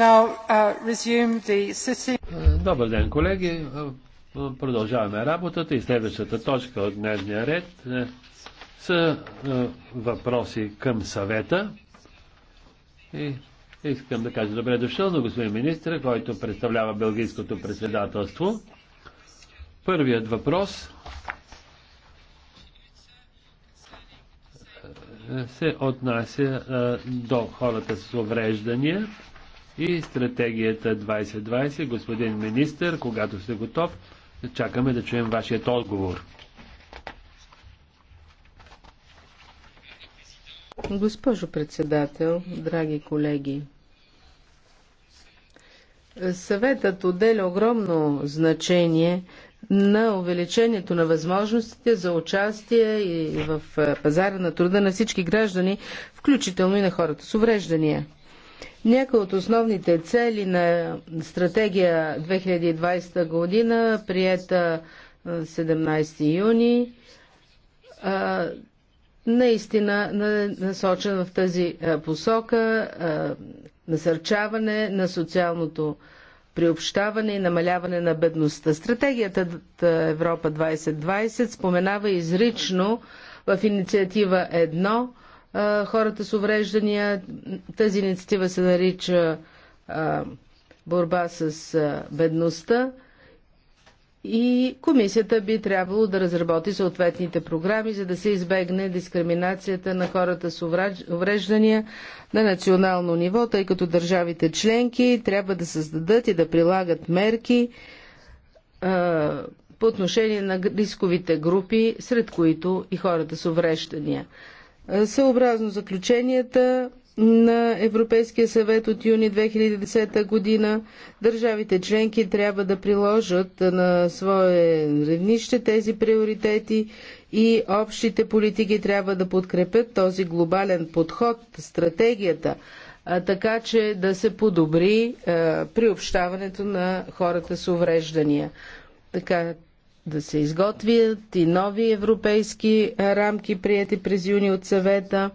Uh, добър ден, колеги. Продължаваме работата и следващата точка от дневния ред е, са е, въпроси към съвета. И искам да кажа добре дошъл на господин министра, който представлява Белгийското председателство. Първият въпрос е, се отнася до хората с увреждания и стратегията 2020. Господин министр, когато сте готов, чакаме да чуем вашият отговор. Госпожо председател, драги колеги, съветът отделя огромно значение на увеличението на възможностите за участие и в пазара на труда на всички граждани, включително и на хората с увреждания. Някои от основните цели на стратегия 2020 година, приета 17 юни, наистина насочен в тази посока насърчаване на социалното приобщаване и намаляване на бедността. Стратегията Европа 2020 споменава изрично в инициатива хората с увреждания. Тази инициатива се нарича борба с бедността и комисията би трябвало да разработи съответните програми, за да се избегне дискриминацията на хората с увреждания на национално ниво, тъй като държавите членки трябва да създадат и да прилагат мерки а, по отношение на рисковите групи, сред които и хората с увреждания съобразно заключенията на Европейския съвет от юни 2010 година държавите членки трябва да приложат на свое ревнище тези приоритети и общите политики трябва да подкрепят този глобален подход, стратегията, така че да се подобри приобщаването на хората с увреждания. Така да се изготвят и нови европейски рамки, прияти през юни от съвета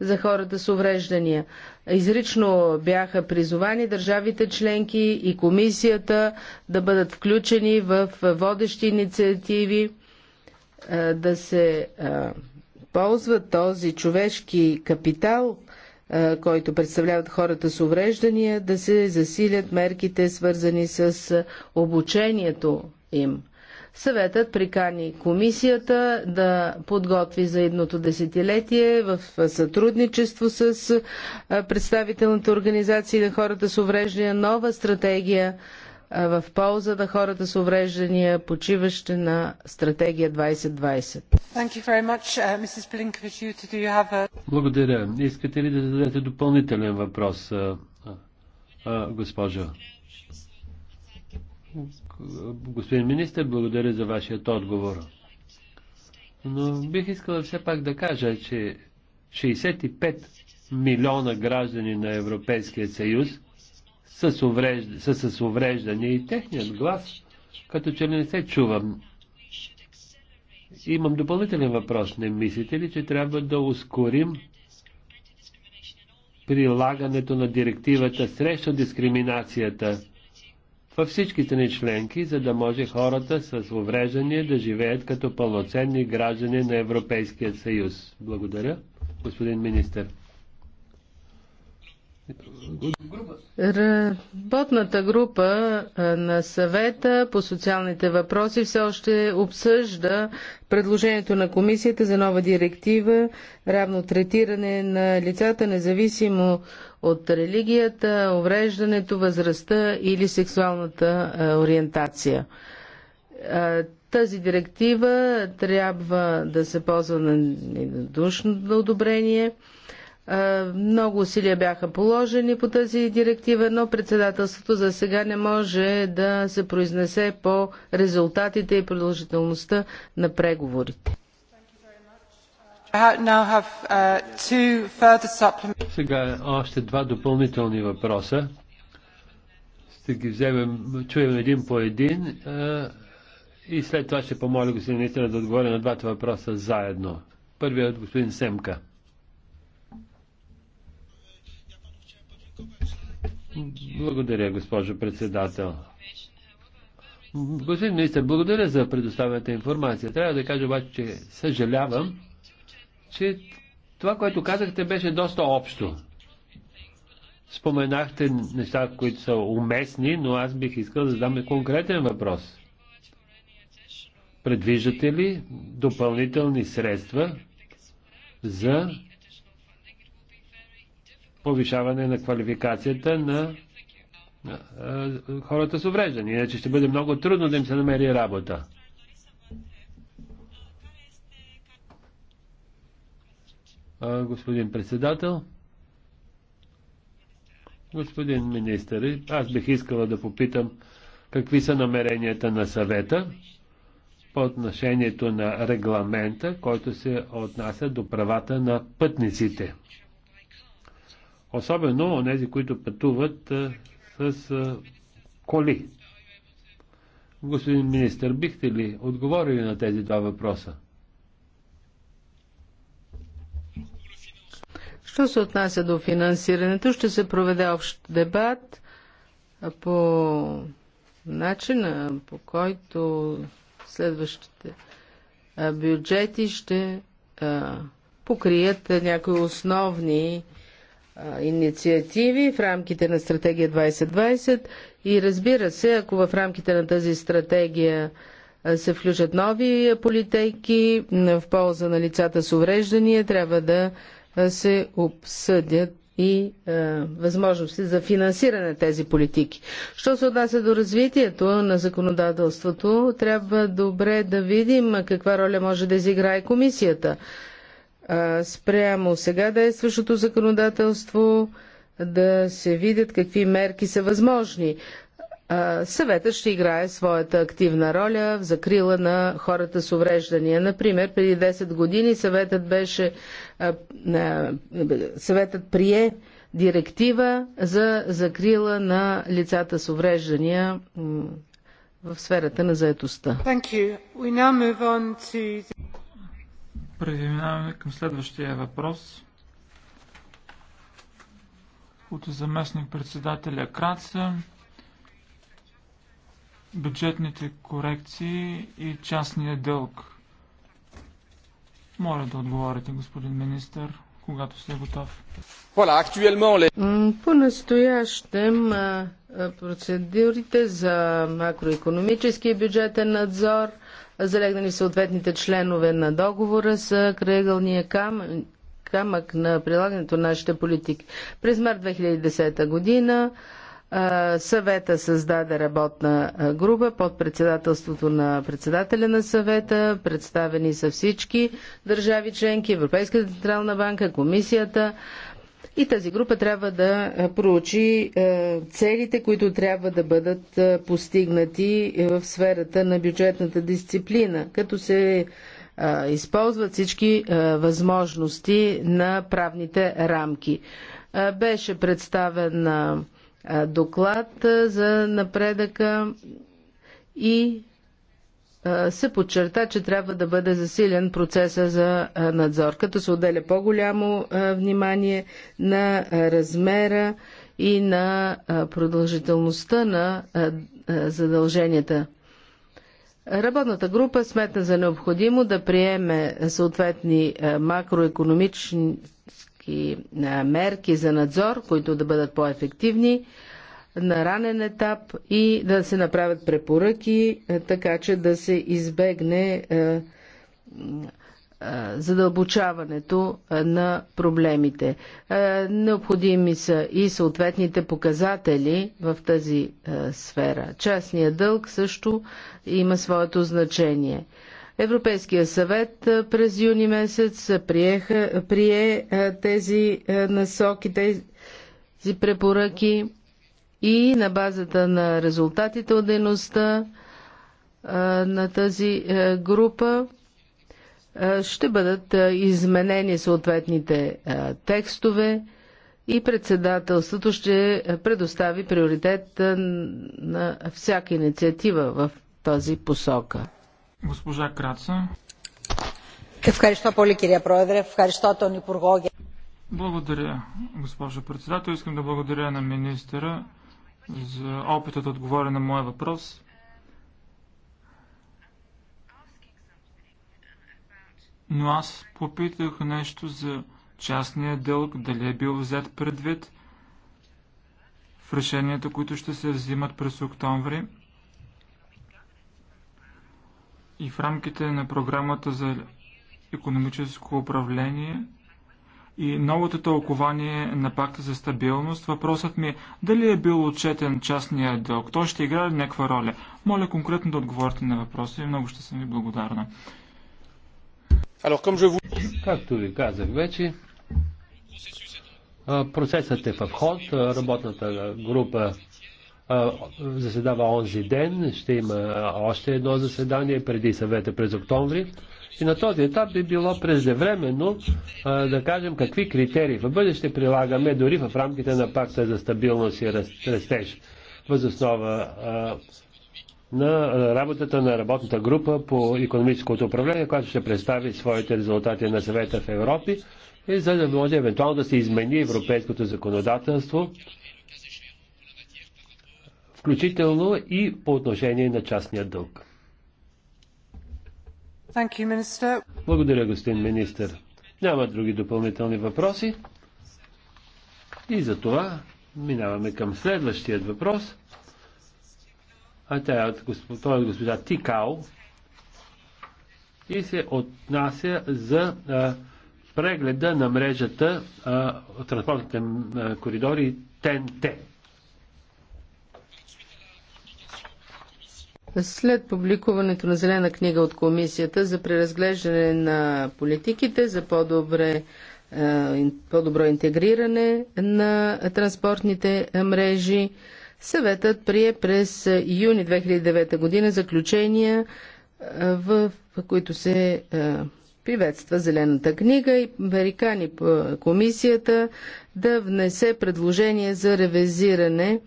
за хората с увреждания. Изрично бяха призовани държавите членки и комисията да бъдат включени в водещи инициативи, е, да се е, ползват този човешки капитал, е, който представляват хората с увреждания, да се засилят мерките, свързани с обучението им Съветът прикани комисията да подготви за едното десетилетие в сътрудничество с представителната организация на хората с увреждания нова стратегия в полза на хората с увреждания, почиващи на стратегия 2020. Uh, Благодаря. Искате ли да зададете допълнителен въпрос, госпожо? Господин министр, благодаря за вашият отговор. Но бих искал все пак да кажа, че 65 милиона граждани на Европейския съюз са с, увреждане са с увреждания и техният глас като че ли не се чувам. Имам допълнителен въпрос. Не мислите ли, че трябва да ускорим прилагането на директивата срещу дискриминацията във всички страни членки, за да може хората с увреждания да живеят като пълноценни граждани на Европейския съюз. Благодаря, господин министър. Работната група на съвета по социалните въпроси все още обсъжда предложението на комисията за нова директива, равно третиране на лицата, независимо от религията, увреждането, възрастта или сексуалната ориентация. Тази директива трябва да се ползва на душно одобрение е, много усилия бяха положени по тази директива, но председателството за сега не може да се произнесе по резултатите и продължителността на преговорите. Uh, сега още два допълнителни въпроса. Ще ги вземем, чуем един по един и след това ще помоля господин Нитера да отговоря на двата въпроса заедно. Първият е от господин Семка. Благодаря, госпожо председател. Господин министр, благодаря за предоставената информация. Трябва да кажа обаче, че съжалявам, че това, което казахте, беше доста общо. Споменахте неща, които са уместни, но аз бих искал да задам конкретен въпрос. Предвиждате ли допълнителни средства за повишаване на квалификацията на хората с увреждания. Иначе ще бъде много трудно да им се намери работа. Господин председател, господин министър, аз бих искала да попитам какви са намеренията на съвета по отношението на регламента, който се отнася до правата на пътниците. Особено онези, които пътуват с коли. Господин министр, бихте ли отговорили на тези два въпроса? Що се отнася до финансирането, ще се проведе общ дебат по начина, по който следващите бюджети ще покрият някои основни инициативи в рамките на стратегия 2020 и разбира се, ако в рамките на тази стратегия се включат нови политики в полза на лицата с увреждания, трябва да се обсъдят и е, възможности за финансиране на тези политики. Що се отнася до развитието на законодателството, трябва добре да видим каква роля може да изиграе комисията спрямо сега действащото законодателство да се видят какви мерки са възможни. Съветът ще играе своята активна роля в закрила на хората с увреждания. Например, преди 10 години съветът, беше, съветът прие директива за закрила на лицата с увреждания в сферата на заетостта. To... Преминаваме към следващия въпрос от заместник председателя Краца. Бюджетните корекции и частния дълг. Моля да отговорите, господин министър, когато сте готов. По-настоящем процедурите за макроекономически бюджетен надзор – залегнали в съответните членове на договора, са крайъгълния кам... камък на прилагането на нашите политики. През март 2010 година съвета създаде работна група под председателството на председателя на съвета. Представени са всички държави членки, Европейската централна банка, комисията, и тази група трябва да е, проучи е, целите, които трябва да бъдат е, постигнати в сферата на бюджетната дисциплина, като се използват всички възможности на правните рамки. Беше представен доклад за напредъка и се подчерта, че трябва да бъде засилен процеса за надзор, като се отделя по-голямо внимание на размера и на продължителността на задълженията. Работната група сметна за необходимо да приеме съответни макроекономически мерки за надзор, които да бъдат по-ефективни, на ранен етап и да се направят препоръки, е, така че да се избегне е, е, задълбочаването на проблемите. Необходими са и съответните показатели в тази сфера. Частният дълг също има своето значение. Европейския съвет през юни месец приеха, прие тези насоки, тези препоръки и на базата на резултатите от дейността на тази е, група е, ще бъдат е, изменени съответните текстове и председателството ще предостави приоритет на всяка инициатива в тази посока. Госпожа Краца. Благодаря, госпожо председател. Искам да благодаря на министъра за опитът да отговоря на моя въпрос. Но аз попитах нещо за частния дълг, дали е бил взет предвид в решенията, които ще се взимат през октомври и в рамките на програмата за економическо управление – и новото тълкование на пакта за стабилност, въпросът ми е дали е бил отчетен частния дълг. Той ще играе някаква роля. Моля конкретно да отговорите на въпроса и много ще съм ви благодарна. Както ви казах вече, процесът е в ход. Работната група заседава онзи ден. Ще има още едно заседание преди съвета през октомври. И на този етап би било преждевременно да кажем какви критерии в бъдеще прилагаме дори в рамките на пакта за стабилност и растеж. Възоснова на работата на работната група по економическото управление, която ще представи своите резултати на съвета в Европи и за да може евентуално да се измени европейското законодателство, включително и по отношение на частния дълг. Благодаря, господин министр. Няма други допълнителни въпроси. И за това минаваме към следващия въпрос. А тя е от господа е госпожа Тикао и се отнася за а, прегледа на мрежата а, от транспортните коридори Тенте. След публикуването на Зелена книга от Комисията за преразглеждане на политиките за по-добре е, по-добро интегриране на транспортните е, мрежи. Съветът прие през юни 2009 година заключения, е, в които се приветства Зелената книга и американи комисията да внесе предложение за ревизиране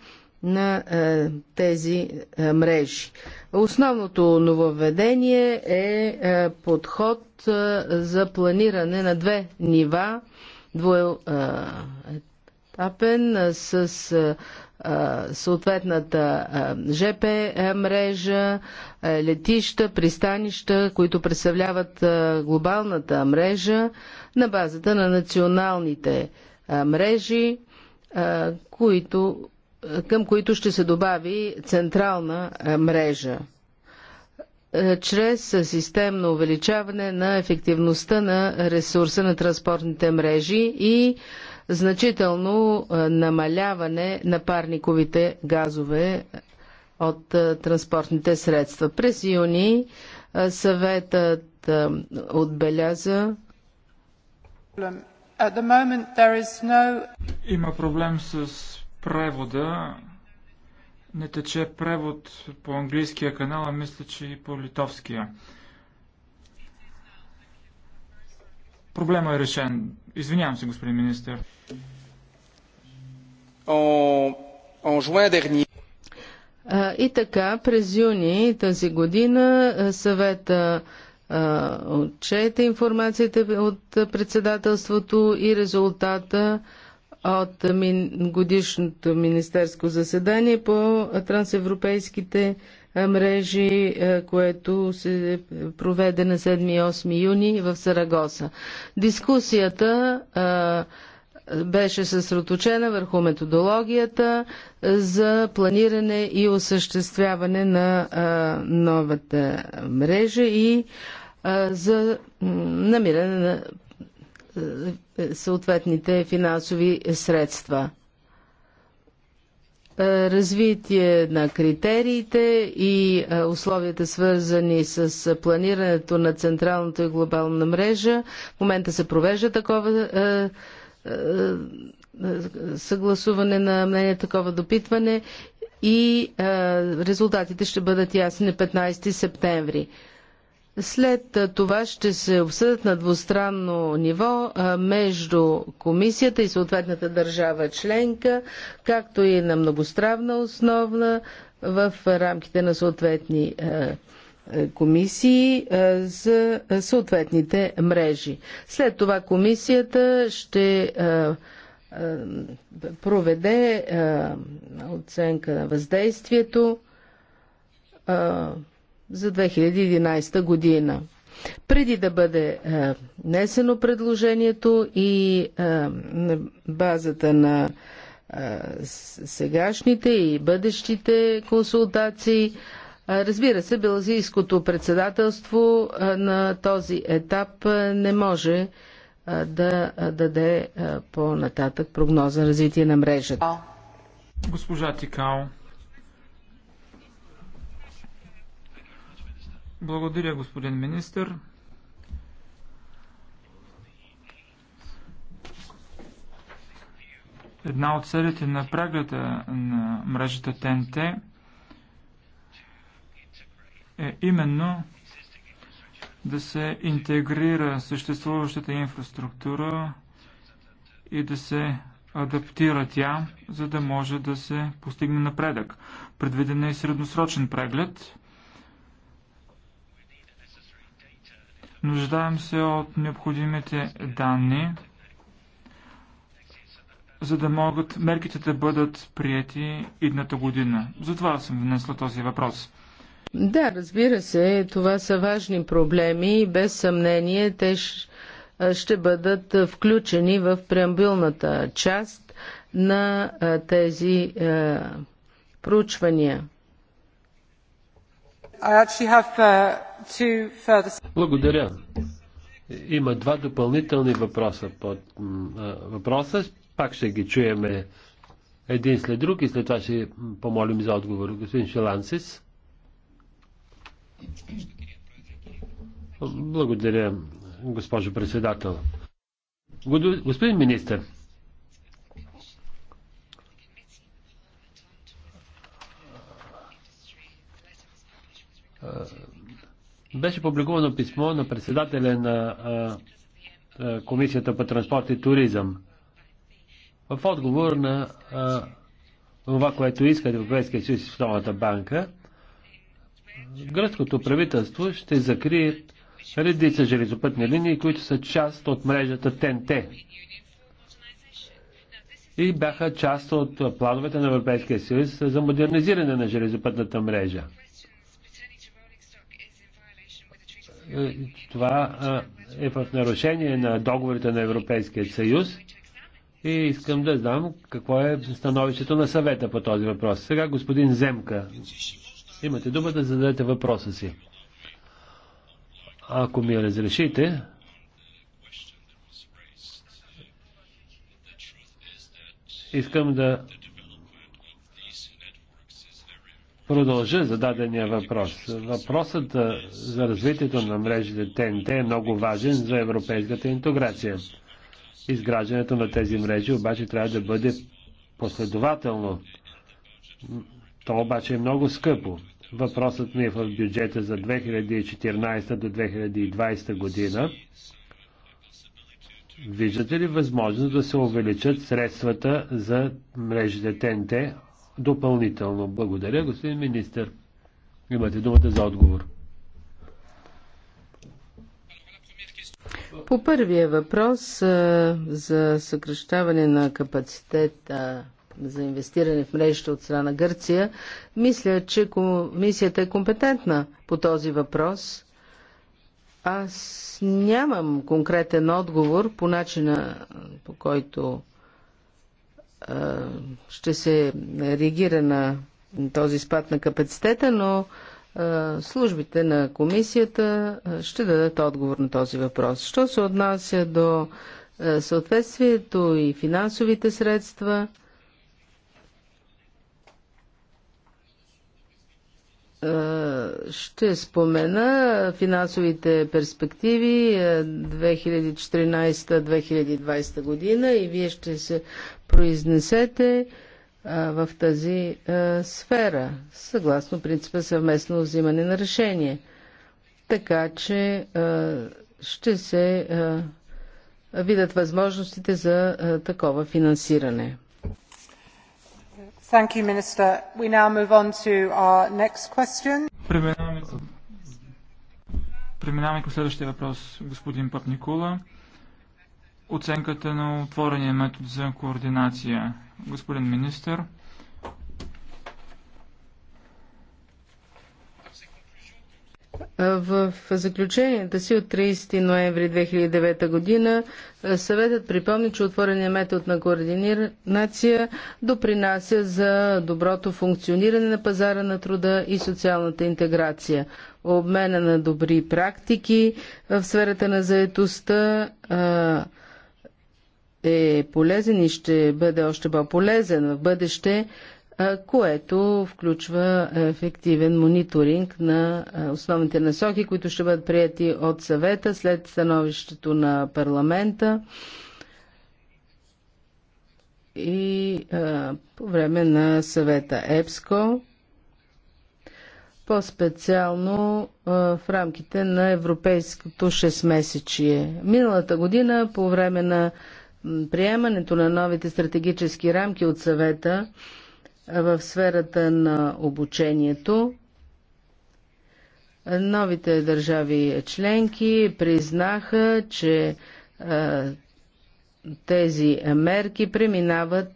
на а, е, тези а, е, мрежи. Основното нововведение е, а, е, подход а, за планиране на две нива, двуетапен с а, съответната ЖП мрежа, летища, пристанища, които представляват глобалната мрежа на базата на националните мрежи, които към които ще се добави централна е, мрежа е, чрез системно увеличаване на ефективността на ресурса на транспортните мрежи и значително е, намаляване на парниковите газове от транспортните средства. През юни съветът отбеляза. Има проблем с превода. Не тече превод по английския канал, а мисля, че и по литовския. Проблема е решен. Извинявам се, господин министр. И така, през юни тази година съвета отчете информацията от председателството и резултата от годишното министерско заседание по трансевропейските мрежи, което се проведе на 7 и 8 юни в Сарагоса. Дискусията беше съсредоточена върху методологията за планиране и осъществяване на новата мрежа и за намиране на е, съответните финансови средства. Е, развитие на критериите и е, условията свързани с планирането на централната и глобална мрежа. В момента се провежда такова съгласуване на мнение, такова допитване и резултатите ще бъдат ясни на 15 септември. След това ще се обсъдят на двустранно ниво между комисията и съответната държава членка, както и на многостранна основна в рамките на съответни комисии за съответните мрежи. След това комисията ще проведе оценка на въздействието за 2011 година. Преди да бъде е, внесено предложението и е, на базата на е, сегашните и бъдещите консултации, е, Разбира се, Белазийското председателство е, на този етап е, не може да даде по-нататък прогноза на развитие на мрежата. Госпожа Тикао, Благодаря, господин Министър. Една от целите на прегледа на мрежата ТНТ е именно да се интегрира съществуващата инфраструктура и да се адаптира тя, за да може да се постигне напредък. Предвиден е и средносрочен преглед. Нуждаем се от необходимите данни, за да могат мерките да бъдат прияти идната година. Затова съм внесла този въпрос. Да, разбира се, това са важни проблеми и без съмнение те ще бъдат включени в преамбилната част на тези е, проучвания. I actually have uh, благодаря. Има два допълнителни въпроса. Под, въпроса пак ще ги чуеме един след друг и след това ще помолим за отговор. Господин Шелансис. Благодаря, госпожо председател. Господин министр, uh, беше публикувано писмо на председателя на Комисията по транспорт и туризъм. В отговор на а, това, което иска Европейския съюз и Световната банка, гръцкото правителство ще закрие редица железопътни линии, които са част от мрежата ТНТ и бяха част от плановете на Европейския съюз за модернизиране на железопътната мрежа. Е, това е, е в нарушение на договорите на Европейския съюз и искам да знам какво е становището на съвета по този въпрос. Сега господин Земка, имате дума да зададете въпроса си. Ако ми разрешите, искам да продължа зададения въпрос. Въпросът за развитието на мрежите ТНТ е много важен за европейската интеграция. Изграждането на тези мрежи обаче трябва да бъде последователно. То обаче е много скъпо. Въпросът ми е в бюджета за 2014 до 2020 година. Виждате ли възможност да се увеличат средствата за мрежите ТНТ допълнително. Благодаря, господин министр. Имате думата за отговор. По първия въпрос за съкръщаване на капацитета за инвестиране в мрежата от страна Гърция, мисля, че комисията е компетентна по този въпрос. Аз нямам конкретен отговор по начина, по който ще се реагира на този спад на капацитета, но службите на комисията ще дадат отговор на този въпрос. Що се отнася до съответствието и финансовите средства, ще спомена финансовите перспективи 2014-2020 година и вие ще се произнесете в тази сфера, съгласно принципа съвместно взимане на решение. Така че ще се видят възможностите за такова финансиране. Преминаваме към следващия въпрос, господин Папникула оценката на отворения метод за координация. Господин министър, В заключението си от 30 ноември 2009 година съветът припомни, че отворения метод на координация допринася за доброто функциониране на пазара на труда и социалната интеграция, обмена на добри практики в сферата на заетостта, е полезен и ще бъде още по-полезен в бъдеще, което включва ефективен мониторинг на основните насоки, които ще бъдат прияти от съвета след становището на парламента и по време на съвета ЕПСКО, по-специално в рамките на европейското 6-месечие. Миналата година по време на Приемането на новите стратегически рамки от съвета в сферата на обучението новите държави членки признаха, че тези мерки преминават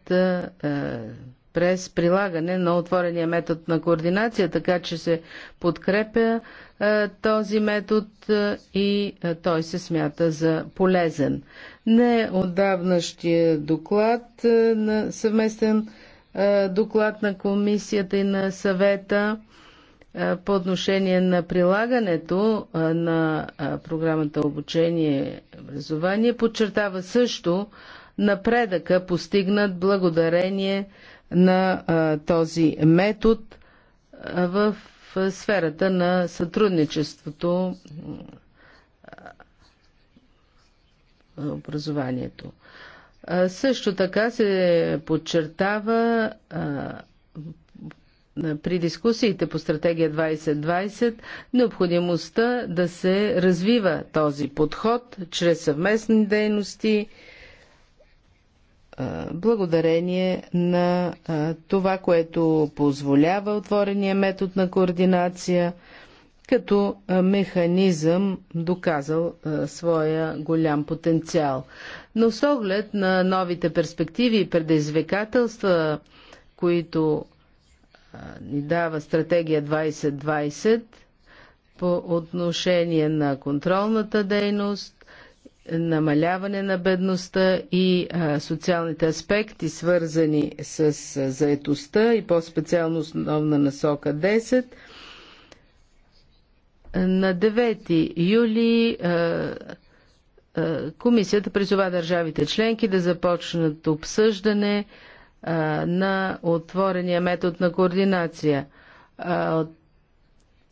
през прилагане на отворения метод на координация, така че се подкрепя е, този метод е, и е, той се смята за полезен. Не отдавнащия доклад на съвместен доклад на комисията и на съвета по отношение на прилагането на програмата обучение и образование подчертава също напредъка постигнат благодарение на този метод в сферата на сътрудничеството образованието. Също така се подчертава при дискусиите по стратегия 2020 необходимостта да се развива този подход чрез съвместни дейности, е, благодарение на е, това, което позволява отворения метод на координация като е, механизъм доказал своя голям потенциал. Но с оглед на новите перспективи и предизвикателства, които ни дава стратегия 2020 по отношение на контролната дейност, намаляване на бедността и социалните аспекти, свързани с заетостта и по-специално основна насока 10. На 9 юли комисията призова държавите членки да започнат обсъждане на отворения метод на координация. От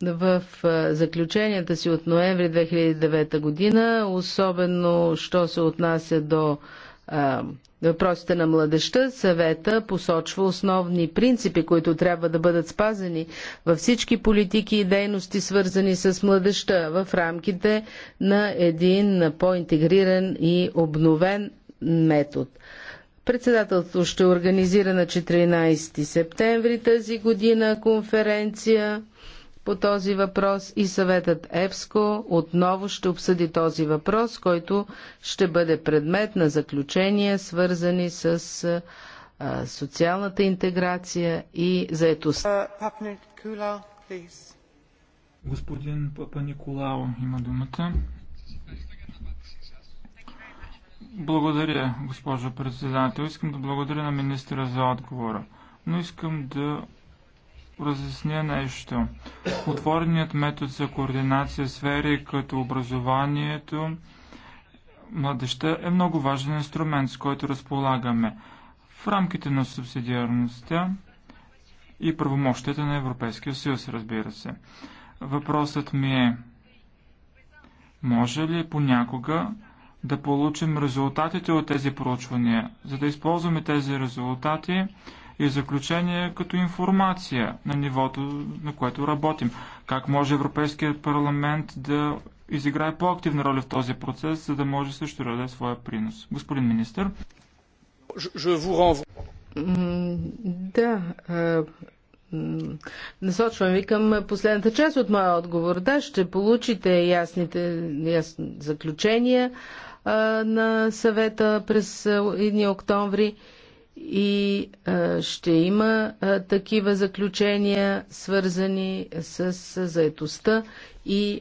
в заключенията си от ноември 2009 година, особено що се отнася до а, въпросите на младеща, съвета посочва основни принципи, които трябва да бъдат спазени във всички политики и дейности, свързани с младеща, в рамките на един по-интегриран и обновен метод. Председателството ще организира на 14 септември тази година конференция по този въпрос и съветът ЕПСКО отново ще обсъди този въпрос, който ще бъде предмет на заключения, свързани с социалната интеграция и заетостта. Uh, Господин Папа Николао има думата. Благодаря, госпожо председател. Искам да благодаря на министра за отговора, но искам да разясня нещо. Отвореният метод за координация сфери като образованието, младеща е много важен инструмент, с който разполагаме в рамките на субсидиарността и правомощията на Европейския съюз, разбира се. Въпросът ми е, може ли понякога да получим резултатите от тези проучвания, за да използваме тези резултати и заключение като информация на нивото, на което работим. Как може Европейският парламент да изиграе по-активна роля в този процес, за да може също да даде своя принос. Господин министр. Да, насочвам ви към последната част от моя отговор. Да, ще получите ясните ясни заключения на съвета през едни октомври и ще има такива заключения, свързани с заетостта и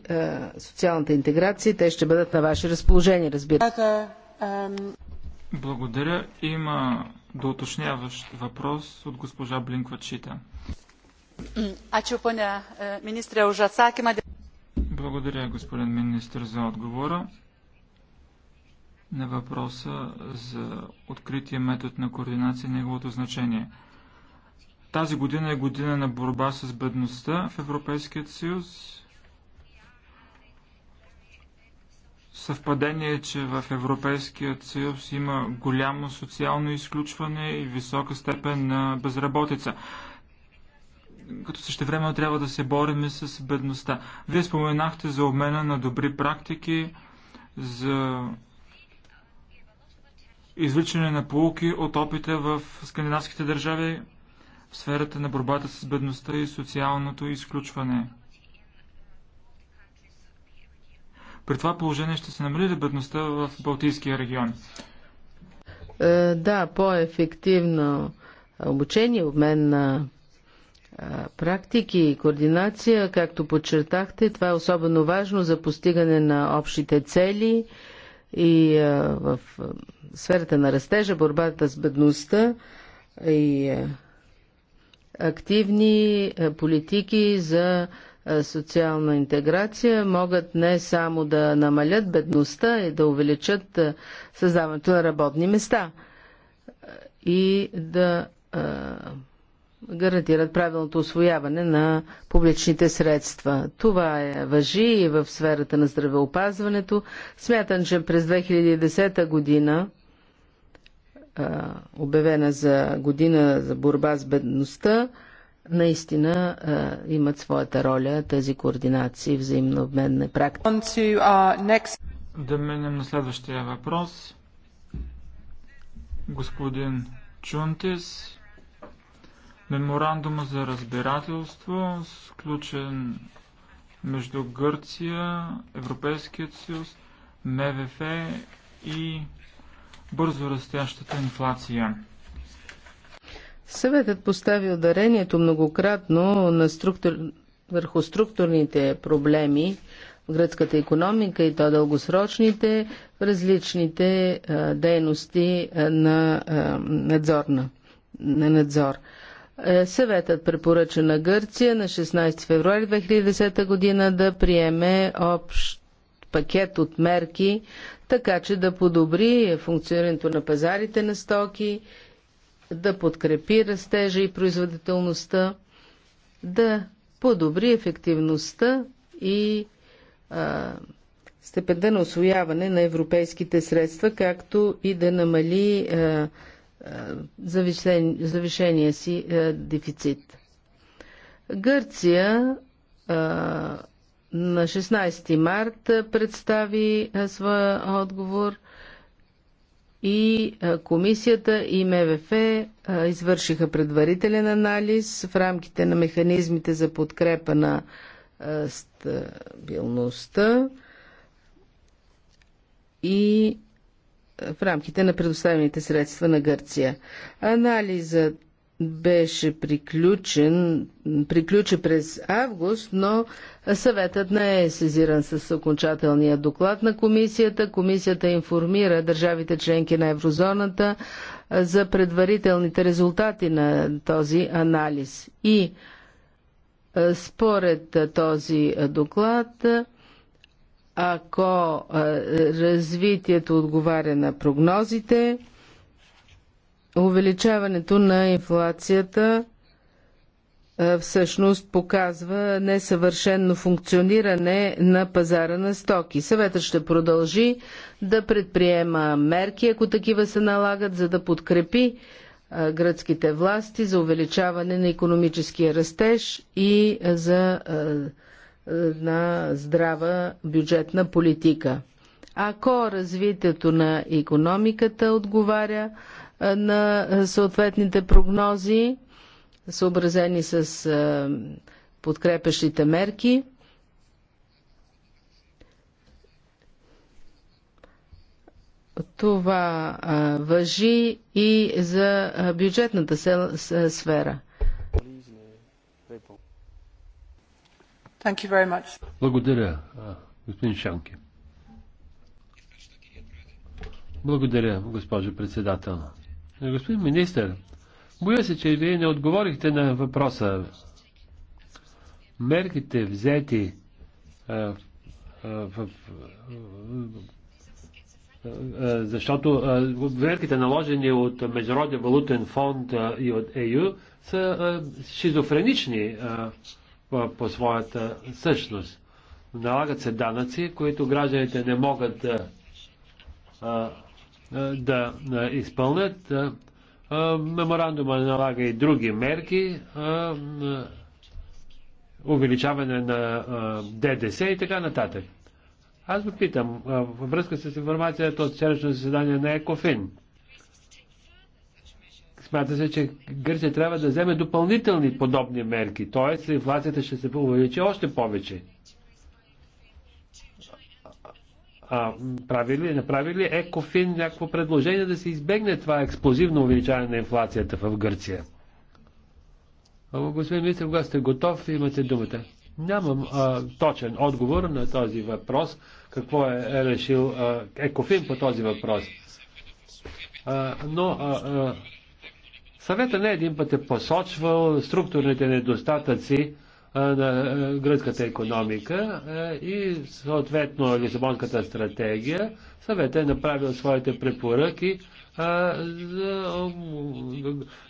социалната интеграция. Те ще бъдат на ваше разположение, разбира се. Благодаря. Има доуточняващ въпрос от госпожа Блинквачита. Е, Благодаря, господин министр, за отговора на въпроса за открития метод на координация и неговото значение. Тази година е година на борба с бедността в Европейският съюз. Съвпадение е, че в Европейският съюз има голямо социално изключване и висока степен на безработица като време трябва да се борим с бедността. Вие споменахте за обмена на добри практики, за извличане на полуки от опита в скандинавските държави в сферата на борбата с бедността и социалното изключване. При това положение ще се намали ли бедността в Балтийския регион? Е, да, по-ефективно обучение, обмен на е, практики и координация, както подчертахте, това е особено важно за постигане на общите цели – и в сферата на растежа, борбата с бедността и активни политики за социална интеграция могат не само да намалят бедността и да увеличат създаването на работни места и да гарантират правилното освояване на публичните средства. Това е въжи и в сферата на здравеопазването. Смятам, че през 2010 година, обявена за година за борба с бедността, наистина имат своята роля тези координации и взаимно обменна практика. Да минем на следващия въпрос. Господин Чунтис, Меморандума за разбирателство, сключен между Гърция, Европейският съюз, МВФ и бързо растящата инфлация. Съветът постави ударението многократно на структур... върху структурните проблеми в гръцката економика и то дългосрочните в различните а, дейности а, на, а, надзорна, на надзор. Е, съветът препоръча на Гърция на 16 февруари 2010 година да приеме общ пакет от мерки, така че да подобри функционирането на пазарите на стоки, да подкрепи растежа и производителността, да подобри ефективността и а, степента на освояване на европейските средства, както и да намали а, завишен, завишения си е, дефицит. Гърция е, на 16 март представи е, своя отговор и комисията и МВФ извършиха предварителен анализ в рамките на механизмите за подкрепа на стабилността и в рамките на предоставените средства на Гърция. Анализът беше приключен, приключи през август, но съветът не е сезиран с окончателния доклад на комисията. Комисията информира държавите членки на еврозоната за предварителните резултати на този анализ. И според този доклад ако развитието отговаря на прогнозите, увеличаването на инфлацията всъщност показва несъвършено функциониране на пазара на стоки. Съветът ще продължи да предприема мерки, ако такива се налагат, за да подкрепи гръцките власти за увеличаване на економическия растеж и за една здрава бюджетна политика. Ако развитието на економиката отговаря на съответните прогнози, съобразени с подкрепящите мерки, Това въжи и за бюджетната сфера. Thank you very much. Благодаря, господин Шанки. Благодаря, госпожо председател. Господин министр, боя се, че вие не отговорихте на въпроса. Мерките взети в, защото мерките наложени от Международен валутен фонд и от ЕЮ са шизофренични по своята същност. Налагат се данъци, които гражданите не могат да, да изпълнят. Меморандума налага и други мерки, увеличаване на ДДС и така нататък. Аз ви питам, във връзка с информацията от вчерашното заседание на Екофин, Смята се, че Гърция трябва да вземе допълнителни подобни мерки, т.е. инфлацията ще се увеличи още повече. А, правили, направили Екофин някакво предложение да се избегне това експлозивно увеличаване на инфлацията в Гърция? Господин министр, кога сте готов, имате думата. Нямам а, точен отговор на този въпрос. Какво е, е решил а, Екофин по този въпрос? А, но а, а, Съвета не един път е посочвал структурните недостатъци на гръцката економика и съответно Лисабонската стратегия. Съветът е направил своите препоръки за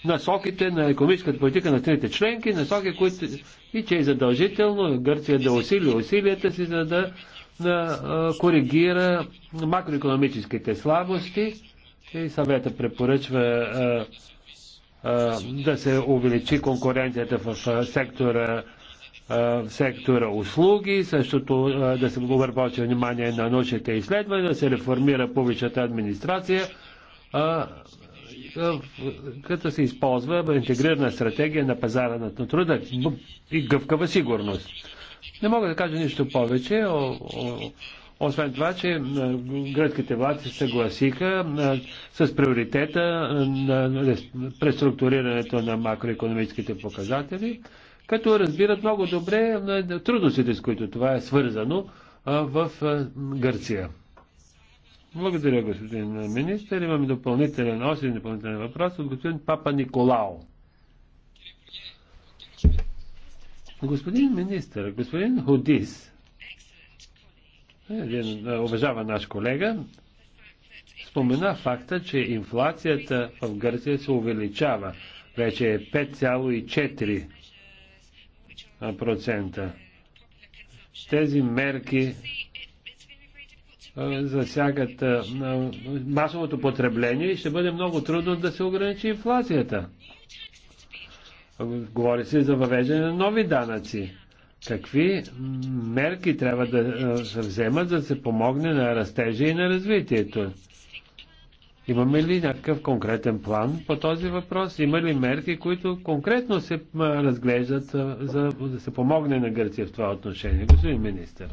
насоките на економическата политика на страните членки, насоки, които и че е задължително Гърция да усили усилията си, за да, коригира макроекономическите слабости. И съветът препоръчва да се увеличи конкуренцията в сектора в сектора услуги, същото да се говори повече внимание на научните изследвания, да се реформира публичната администрация, като се използва интегрирана стратегия на пазара на труда и гъвкава сигурност. Не мога да кажа нищо повече освен това, че е, гръцките власти се гласиха е, с приоритета е, на преструктурирането на макроекономическите показатели, като разбират много добре трудностите, с които това е свързано в Гърция. Благодаря, господин министр. Имаме допълнителен, още допълнителен въпрос от господин Папа Николао. Господин министр, господин Ходис, един е, уважаван наш колега, спомена факта, че инфлацията в Гърция се увеличава. Вече е 5,4%. Тези мерки е, засягат е, масовото потребление и ще бъде много трудно да се ограничи инфлацията. Говори се за въвеждане на нови данъци какви мерки трябва да се вземат, да се помогне на растежа и на развитието. Имаме ли някакъв конкретен план по този въпрос? Има ли мерки, които конкретно се разглеждат за да се помогне на Гърция в това отношение, господин министр?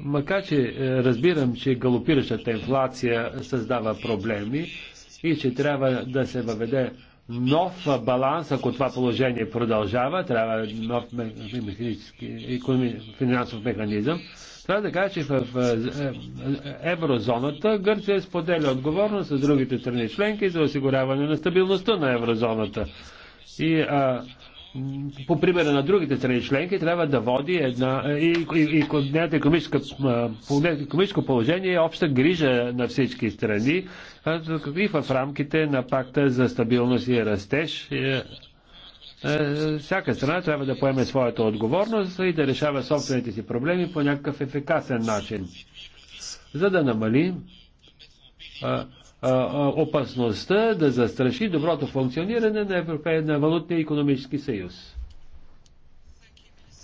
макар, че е, разбирам, че галопиращата инфлация създава проблеми и че трябва да се въведе нов баланс, ако това положение продължава, трябва нов финансов механизъм. Трябва да кажа, че в е, еврозоната Гърция споделя отговорност с другите страни членки за осигуряване на стабилността на еврозоната. И а, по примера на другите страни членки, трябва да води една и, и, и, економическо положение е обща грижа на всички страни и в рамките на пакта за стабилност и растеж. Е, е, всяка страна трябва да поеме своята отговорност и да решава собствените си проблеми по някакъв ефикасен начин, за да намали опасността да застраши доброто функциониране на, Европе, на Валутния економически съюз.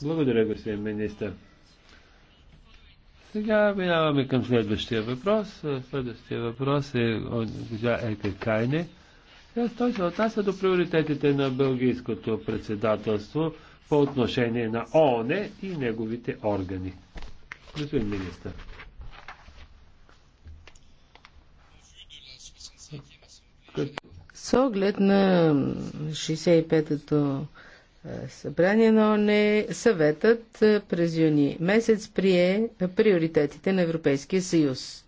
Благодаря, господин министър. Сега минаваме към следващия въпрос. Следващия въпрос е от госпожа Ека Кайне. Е, той се отнася до приоритетите на бългийското председателство по отношение на ООН и неговите органи. Господин министър. С оглед на 65 то събрание на ОНЕ, съветът през юни месец прие приоритетите на Европейския съюз.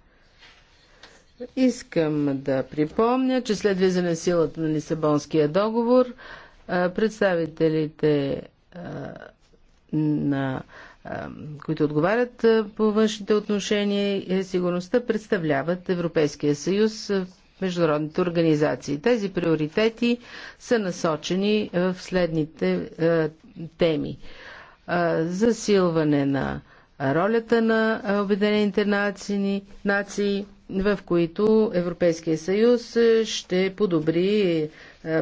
Искам да припомня, че след влизане силата на Лисабонския договор, представителите на които отговарят по външните отношения и сигурността, представляват Европейския съюз в международните организации. Тези приоритети са насочени в следните е, теми. Е, засилване на ролята на е, Обединените нации, нации в които Европейския съюз е, ще подобри е,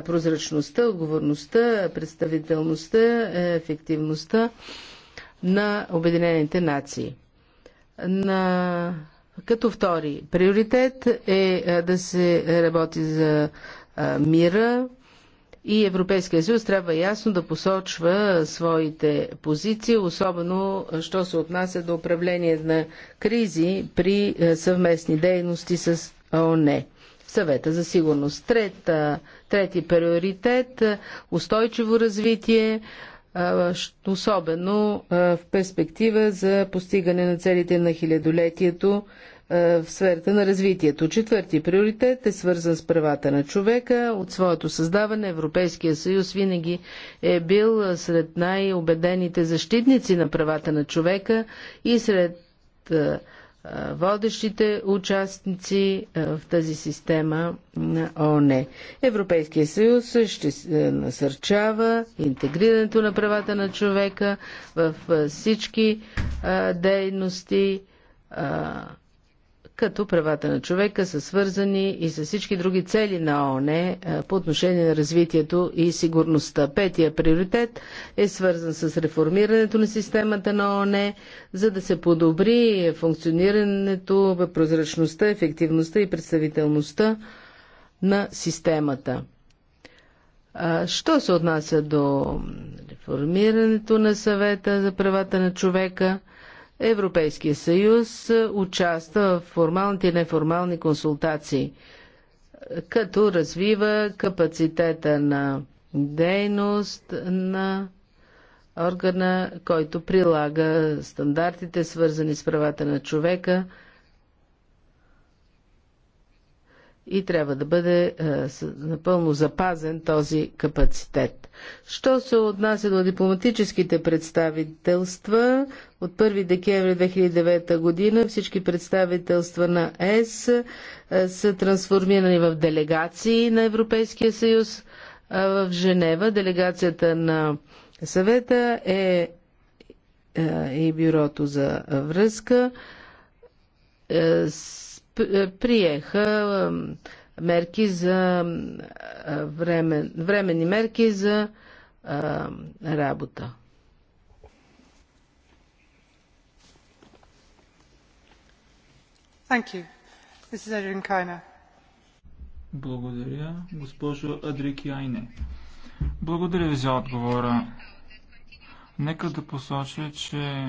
прозрачността, отговорността, представителността, ефективността на Обединените нации. На като втори приоритет е, е да се работи за е, мира и Европейския съюз трябва ясно да посочва своите позиции, особено е, що се отнася до управление на кризи при съвместни дейности с ООН. Съвета за сигурност. Трета, трети приоритет – устойчиво развитие особено в перспектива за постигане на целите на хилядолетието в сферата на развитието. Четвърти приоритет е свързан с правата на човека. От своето създаване Европейския съюз винаги е бил сред най-обедените защитници на правата на човека и сред водещите участници в тази система на ООН. Европейския съюз ще насърчава интегрирането на правата на човека в всички дейности като правата на човека са свързани и с всички други цели на ООН е, по отношение на развитието и сигурността. Петия приоритет е свързан с реформирането на системата на ООН, за да се подобри функционирането, прозрачността, ефективността и представителността на системата. Що се отнася до реформирането на съвета за правата на човека, Европейския съюз е, участва в формалните и неформални консултации, като развива капацитета на дейност на органа, който прилага стандартите, свързани с правата на човека – и трябва да бъде е, напълно запазен този капацитет. Що се отнася до дипломатическите представителства, от 1 декември 2009 година всички представителства на ЕС е, са трансформирани в делегации на Европейския съюз в Женева. Делегацията на съвета е, е и бюрото за връзка. С е, приеха мерки за времен, временни мерки за работа. Thank you. This Благодаря, госпожо Адрикяйне. Благодаря ви за отговора. Нека да посоча, че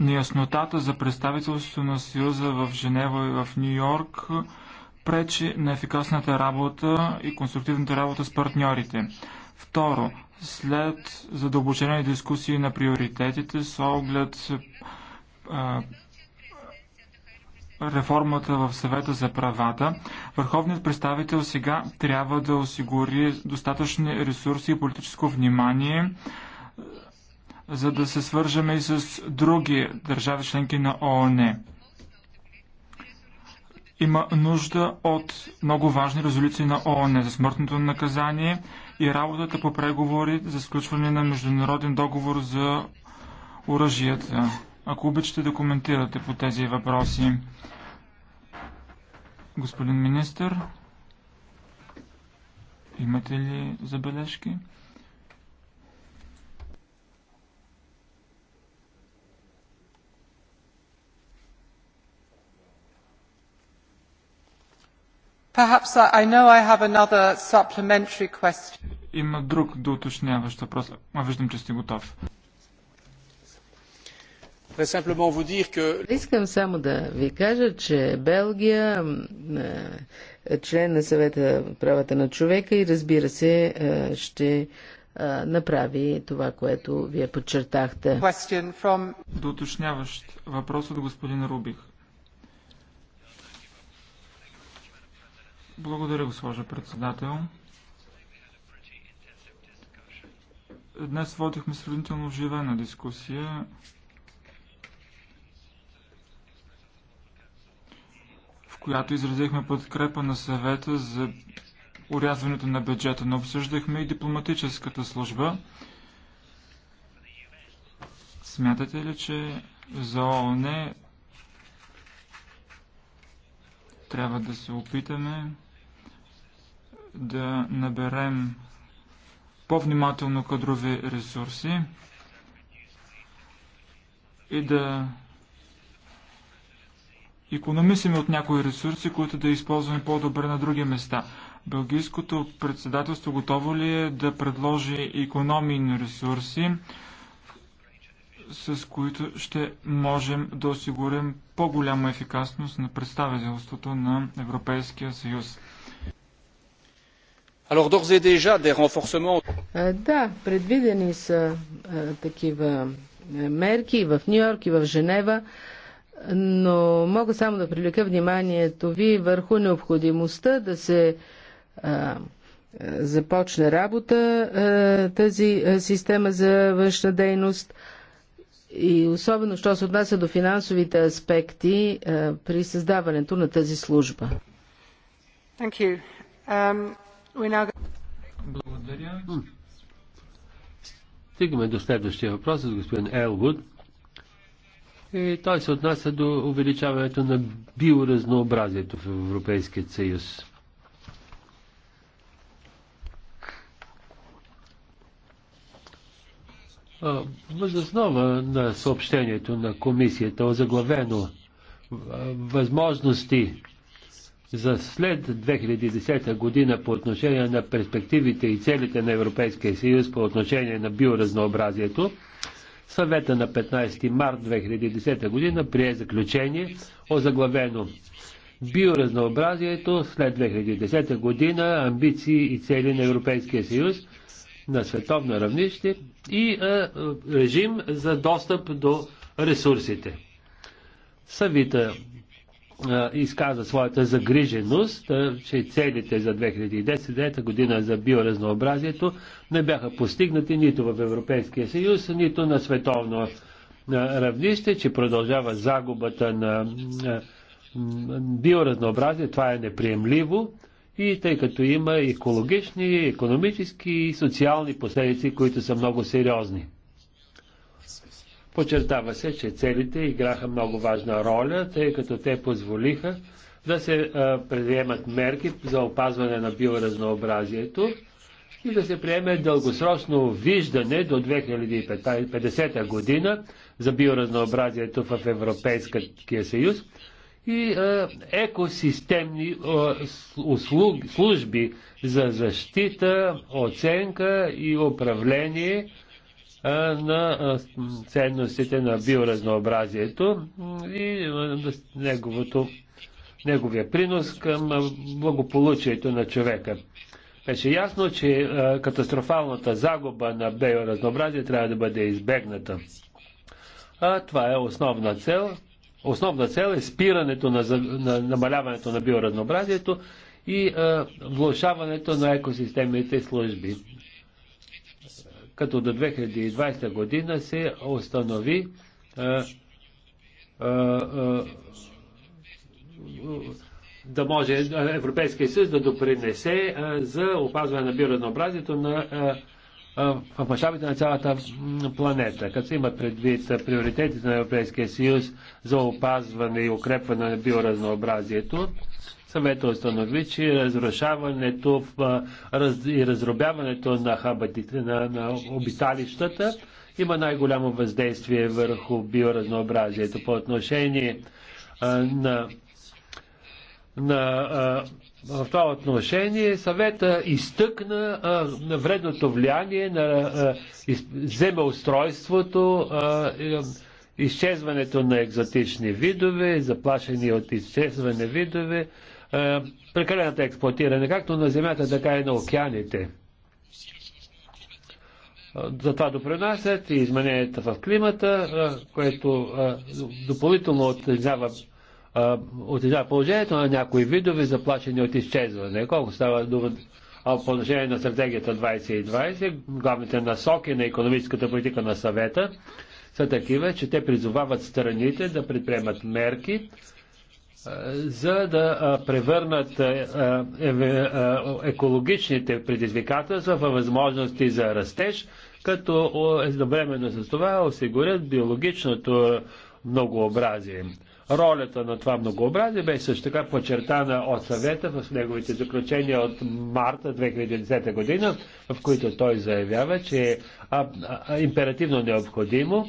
Неяснотата за представителството на Съюза в Женева и в Нью Йорк пречи на ефикасната работа и конструктивната работа с партньорите. Второ, след задълбочени дискусии на приоритетите с оглед а, реформата в съвета за правата, върховният представител сега трябва да осигури достатъчни ресурси и политическо внимание, за да се свържем и с други държави членки на ООН. Има нужда от много важни резолюции на ООН за смъртното наказание и работата по преговори за сключване на международен договор за оръжията. Ако обичате да коментирате по тези въпроси. Господин министър, имате ли забележки? Има друг доуточняващ въпрос. виждам, че сте готов. Искам само да ви кажа, че Белгия е член на съвета правата на човека и разбира се е, ще е, направи това, което вие подчертахте. Доуточняващ въпрос от господин Рубих. Благодаря, госпожо председател. Днес водихме сравнително живена дискусия. в която изразихме подкрепа на съвета за урязването на бюджета, но обсъждахме и дипломатическата служба. Смятате ли, че за ООН трябва да се опитаме да наберем по-внимателно кадрови ресурси и да економисим от някои ресурси, които да използваме по-добре на други места. Белгийското председателство готово ли е да предложи економии на ресурси, с които ще можем да осигурим по-голяма ефикасност на представителството на Европейския съюз? Alors, d'ores et déjà, des renforcements... Е, да, предвидени са а, е, такива е, мерки в Нью-Йорк и в Женева, но мога само да привлека вниманието ви върху необходимостта да се а, започне работа а, тази система за външна дейност и особено, що се отнася до финансовите аспекти а, при създаването на тази служба. Thank you. Um... Благодаря. Стигаме до следващия въпрос с господин Елвуд. И той се отнася до увеличаването на биоразнообразието в Европейския съюз. Възоснова на съобщението на комисията, озаглавено възможности за след 2010 година по отношение на перспективите и целите на Европейския съюз по отношение на биоразнообразието, съвета на 15 март 2010 година прие заключение озаглавено биоразнообразието след 2010 година, амбиции и цели на Европейския съюз на световно равнище и а, режим за достъп до ресурсите. Съвита изказа своята загриженост, че целите за 2010 година за биоразнообразието не бяха постигнати нито в Европейския съюз, нито на световно равнище, че продължава загубата на биоразнообразие. Това е неприемливо и тъй като има екологични, економически и социални последици, които са много сериозни. Подчертава се, че целите играха много важна роля, тъй като те позволиха да се предприемат мерки за опазване на биоразнообразието и да се приеме дългосрочно виждане до 2050 година за биоразнообразието в Европейския съюз и а, екосистемни а, услуги, служби за защита, оценка и управление на ценностите на биоразнообразието и неговото, неговия принос към благополучието на човека. Беше ясно, че катастрофалната загуба на биоразнообразие трябва да бъде избегната. А това е основна цел. Основна цел е спирането на, на намаляването на биоразнообразието и а, влушаването на екосистемните служби като до 2020 година се установи да може Европейския съюз да допринесе за опазване на биоразнообразието на, в мащабите на цялата планета. Като се има предвид приоритетите на Европейския съюз за опазване и укрепване на биоразнообразието, Съветът установи, че разрушаването в, раз, и разробяването на хабатите, на, на обиталищата има най-голямо въздействие върху биоразнообразието. По отношение а, на, на а, в това отношение съвета изтъкна а, на вредното влияние на земеустройството, изчезването на екзотични видове, заплашени от изчезване видове, е, прекалената експлуатиране, както на земята, така и на океаните. Е, Затова допринасят и измененията в климата, е, което допълнително отлежава отежава положението на някои видове, заплашени от изчезване. Колко става дума по отношение на стратегията 2020, главните насоки на економическата политика на съвета са такива, че те призовават страните да предприемат мерки, за да превърнат е, е, екологичните предизвикателства във възможности за растеж, като едновременно с това осигурят биологичното многообразие. Ролята на това многообразие беше също така подчертана от съвета в неговите заключения от марта 2010 година, в които той заявява, че е императивно необходимо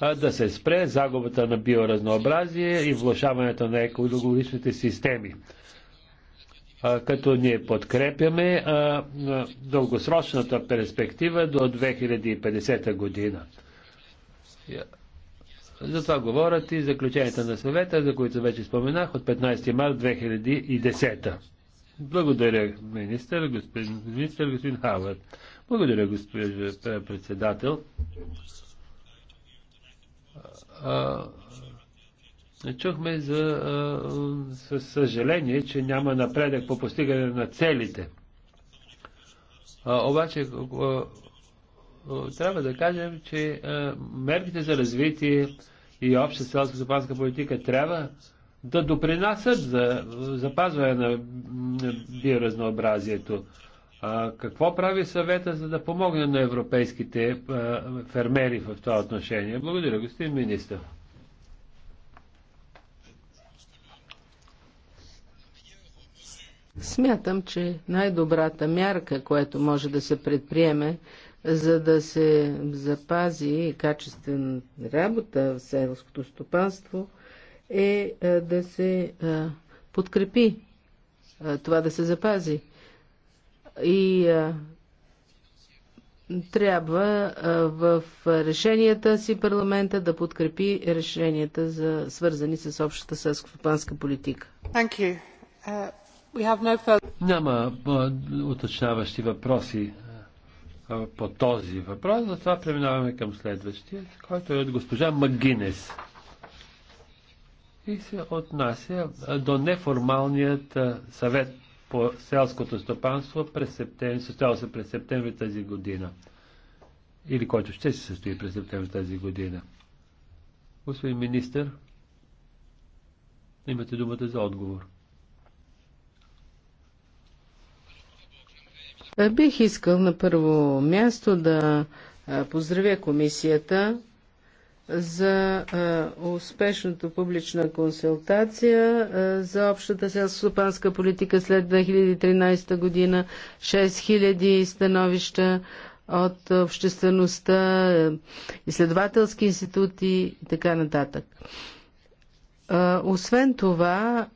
да се спре загубата на биоразнообразие и влушаването на екологичните системи. Като ние подкрепяме дългосрочната перспектива до 2050 година. За това говорят и заключенията на съвета, за които вече споменах, от 15 март 2010. Благодаря, министър, господин, министър, господин Хавър. Благодаря, господин председател чухме за със съжаление, че няма напредък по постигане на целите. А, обаче а, а, трябва да кажем, че мерките за развитие и обща селско-стопанска политика трябва да допринасят за запазване на биоразнообразието. А, какво прави съвета, за да помогне на европейските а, фермери в това отношение? Благодаря, господин министър. Смятам, че най-добрата мярка, която може да се предприеме, за да се запази качествена работа в селското стопанство, е да се подкрепи това да се запази. И а, трябва а, в решенията си парламента да подкрепи решенията за свързани с общата селскостопанска политика. Uh, no further... Няма уточняващи въпроси а, по този въпрос, затова преминаваме към следващия, който е от госпожа Магинес и се отнася до неформалният съвет по селското стопанство през септември, състоял се през септември тази година. Или който ще се състои през септември тази година. Господин министър, имате думата за отговор. Бих искал на първо място да поздравя комисията за а, успешното публична консултация а, за общата селско-стопанска политика след 2013 година, 6000 становища от обществеността, изследователски институти и така нататък. А, освен това,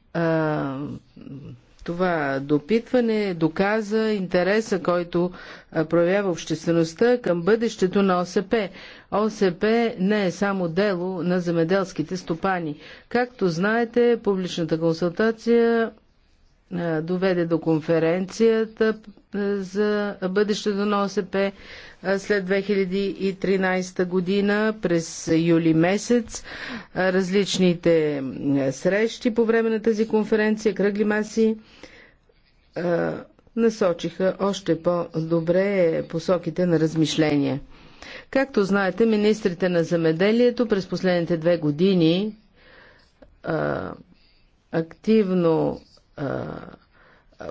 това допитване доказа интереса, който проявява обществеността към бъдещето на ОСП. ОСП не е само дело на земеделските стопани. Както знаете, публичната консултация доведе до конференцията за бъдещето на ОСП след 2013 година през юли месец. Различните срещи по време на тази конференция, кръгли маси, насочиха още по-добре посоките на размишление. Както знаете, министрите на земеделието през последните две години активно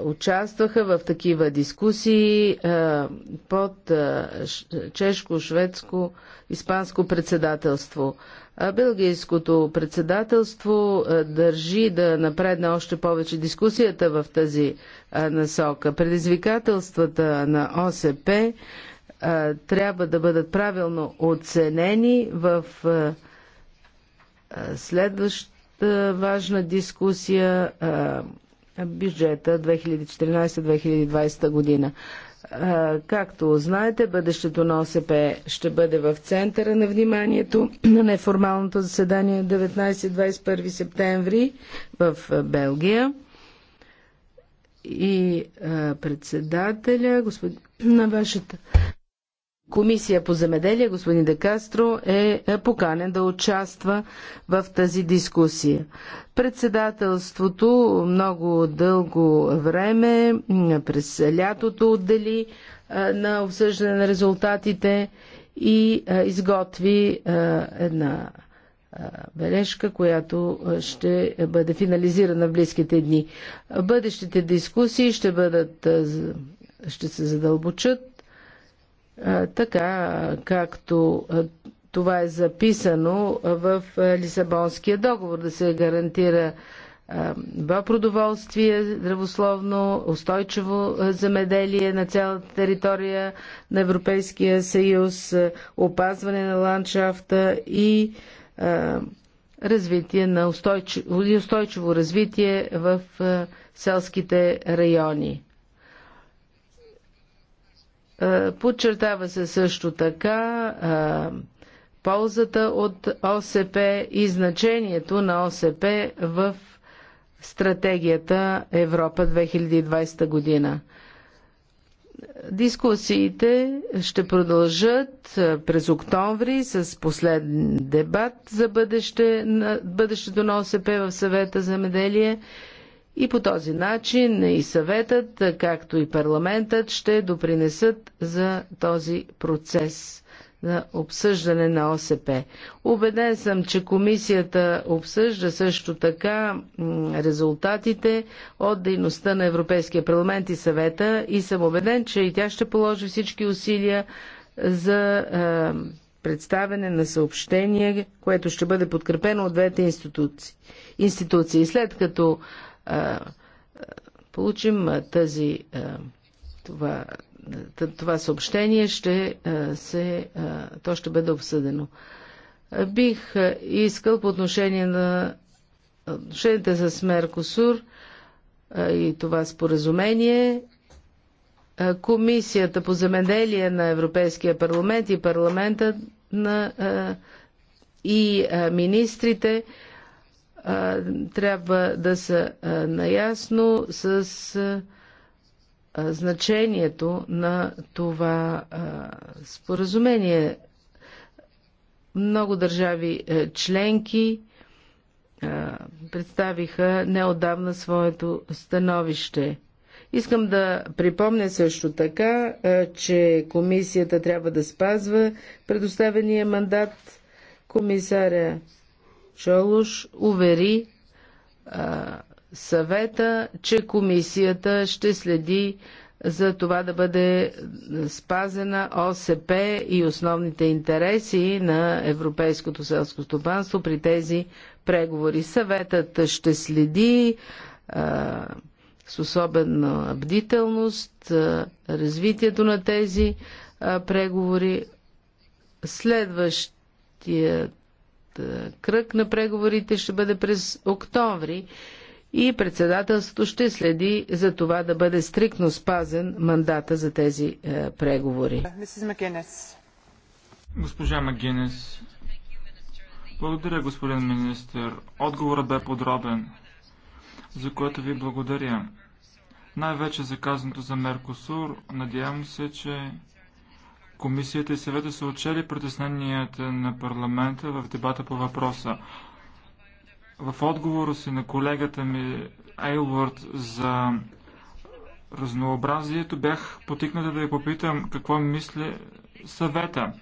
участваха в такива дискусии под чешко, шведско, испанско председателство. Белгийското председателство държи да напредне още повече дискусията в тази насока. Предизвикателствата на ОСП трябва да бъдат правилно оценени в следващата важна дискусия бюджета 2014-2020 година. Както знаете, бъдещето на ОСП ще бъде в центъра на вниманието на неформалното заседание 19-21 септември в Белгия. И председателя, господин на вашата Комисия по земеделие, господин Декастро, е, е поканен да участва в тази дискусия. Председателството много дълго време, през лятото отдели е, на обсъждане на резултатите и е, изготви една бележка, която ще бъде финализирана в близките дни. Бъдещите дискусии ще бъдат ще се задълбочат така както това е записано в Лисабонския договор, да се гарантира продоволствие здравословно, устойчиво замеделие на цялата територия на Европейския съюз, опазване на ландшафта и развитие на устойчиво, устойчиво развитие в селските райони. Е, подчертава се също така е, ползата от ОСП и значението на ОСП в стратегията Европа 2020 година. Дискусиите ще продължат е, през октомври с последен дебат за бъдеще, бъдещето на ОСП в съвета за меделие и по този начин и съветът, както и парламентът ще допринесат за този процес на обсъждане на ОСП. Обеден съм, че комисията обсъжда също така резултатите от дейността на Европейския парламент и съвета и съм убеден, че и тя ще положи всички усилия за представене представяне на съобщение, което ще бъде подкрепено от двете институции. институции. След като получим тази, това, това съобщение, ще се, то ще бъде обсъдено. Бих искал по отношение на отношенията с Меркосур и това споразумение Комисията по земеделие на Европейския парламент и парламента на, и министрите трябва да са наясно с значението на това споразумение. Много държави е, членки представиха неодавна своето становище. Искам да припомня също така, че комисията трябва да спазва предоставения мандат комисаря Чолуш увери а, съвета, че комисията ще следи за това да бъде спазена ОСП и основните интереси на европейското селско стопанство при тези преговори. Съветът ще следи а, с особена бдителност а, развитието на тези а, преговори. Следващият е, кръг на преговорите ще бъде през октомври и председателството ще следи за това да бъде стриктно спазен мандата за тези е, преговори. Госпожа Магинес, благодаря, господин министр. Отговорът бе подробен, за което ви благодаря. Най-вече за казаното за Меркосур, надявам се, че Комисията и съвета са отчели притесненията на парламента в дебата по въпроса. В отговора си на колегата ми Айлвард за разнообразието бях потикната да я попитам какво мисли съвета.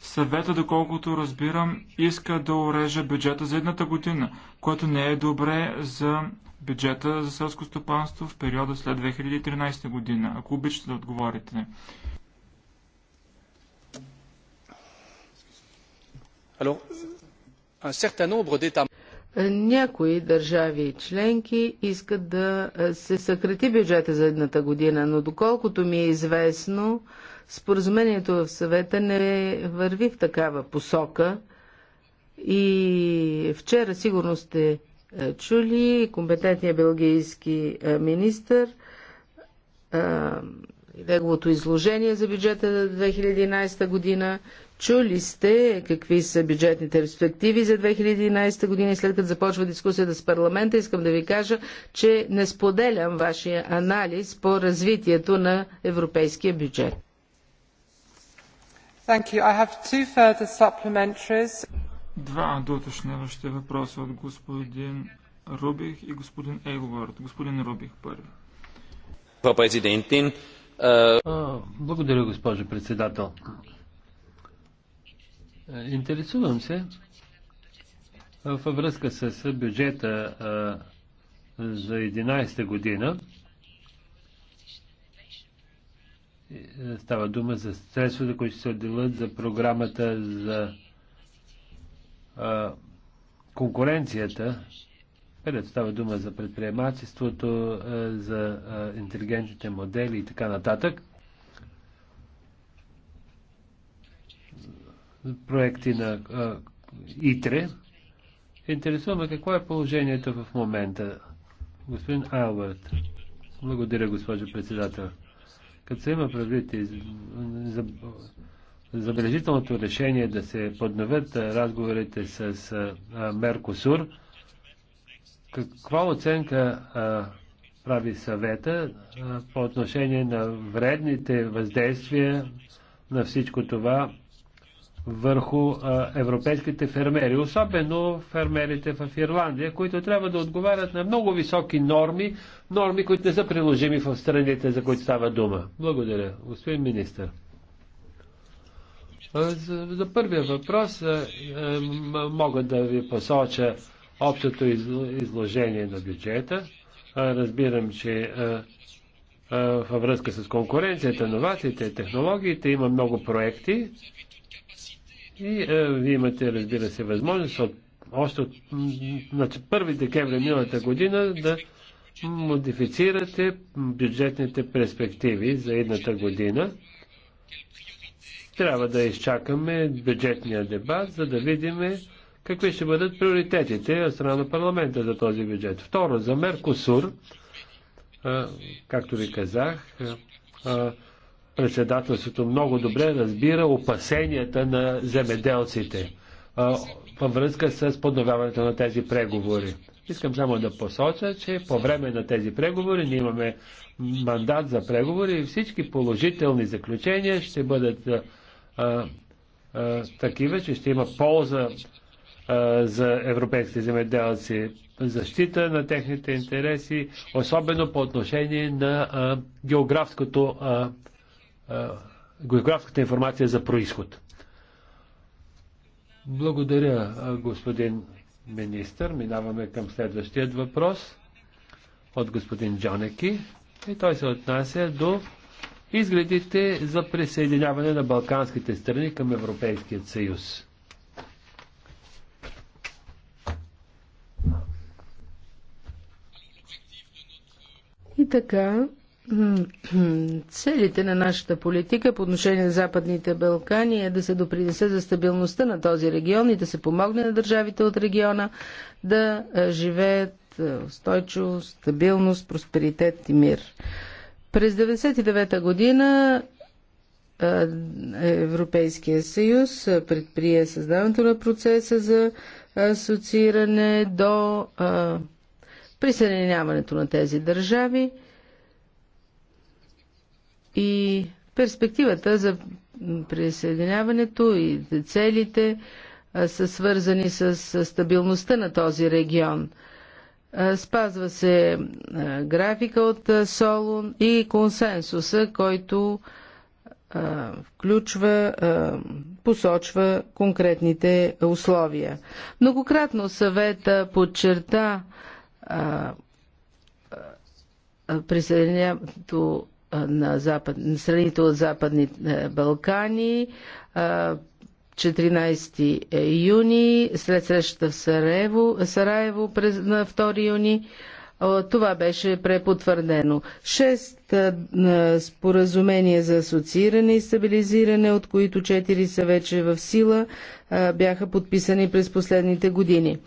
Съвета, доколкото разбирам, иска да урежа бюджета за едната година, което не е добре за бюджета за селско стопанство в периода след 2013 година. Ако обичате да отговорите. Някои държави членки искат да е, се съкрати бюджета за едната година, но доколкото ми е известно, споразумението в съвета не върви в такава посока. И вчера сигурно сте е, чули компетентния белгийски е, министр и неговото изложение за бюджета за 2011 година. Чули сте какви са бюджетните перспективи за 2011 година и след като започва дискусията с парламента, искам да ви кажа, че не споделям вашия анализ по развитието на европейския бюджет. Два доточняващи въпроса от господин Рубих и господин Ейлвард. Господин Рубих първи. Благодаря, госпожо председател. Интересувам се във връзка с бюджета за 11-та година. Става дума за средствата, които се отделят за програмата за конкуренцията където става дума за предприемачеството, е, за е, интелигентните модели и така нататък. Проекти на е, ИТРЕ. Интересуваме какво е положението в момента. Господин Алберт. Благодаря, госпожо председател. Като се има предвид забележителното решение да се подновят разговорите с Меркосур, каква оценка а, прави съвета а, по отношение на вредните въздействия на всичко това върху а, европейските фермери, особено фермерите в Ирландия, които трябва да отговарят на много високи норми, норми, които не са приложими в страните, за които става дума. Благодаря, господин министр. За, за първия въпрос а, мога да ви посоча общото изложение на бюджета. Разбирам, че във връзка с конкуренцията, новациите, технологиите има много проекти и вие имате, разбира се, възможност от, още от значи, 1 декември миналата година да модифицирате бюджетните перспективи за едната година. Трябва да изчакаме бюджетния дебат, за да видим какви ще бъдат приоритетите от страна на парламента за този бюджет. Второ, за Меркосур, както ви казах, председателството много добре разбира опасенията на земеделците във връзка с подновяването на тези преговори. Искам само да посоча, че по време на тези преговори ние имаме мандат за преговори и всички положителни заключения ще бъдат а, а, такива, че ще има полза за европейските земеделци, защита на техните интереси, особено по отношение на географското, географската информация за происход. Благодаря, господин министр. Минаваме към следващият въпрос от господин Джонеки и той се отнася до изгледите за присъединяване на балканските страни към Европейският съюз. И така, целите на нашата политика по отношение на Западните Балкани е да се допринесе за стабилността на този регион и да се помогне на държавите от региона да живеят устойчиво, стабилност, просперитет и мир. През 1999 година Европейския съюз предприе създаването на процеса за асоцииране до присъединяването на тези държави и перспективата за присъединяването и целите са свързани с стабилността на този регион. Спазва се графика от Солун и консенсуса, който включва, посочва конкретните условия. Многократно съвета подчерта присъединяването на, запад, на страните от Западни Балкани. 14 е, юни, след срещата в Сараево, Сараево през, на 2 юни. Това беше препотвърдено. Шест споразумения за асоцииране и стабилизиране, от които четири са вече в сила, бяха подписани през последните години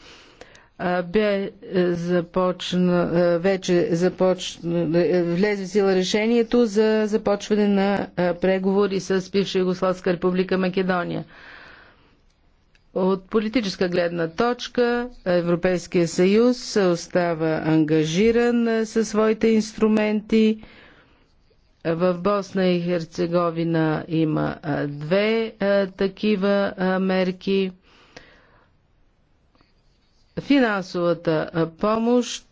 бе е, започна, е, вече започна, е, влезе в сила решението за започване на преговори с бивша Югославска република Македония. От политическа гледна точка Европейския съюз остава ангажиран със своите инструменти. В Босна и Херцеговина има две такива мерки Финансовата помощ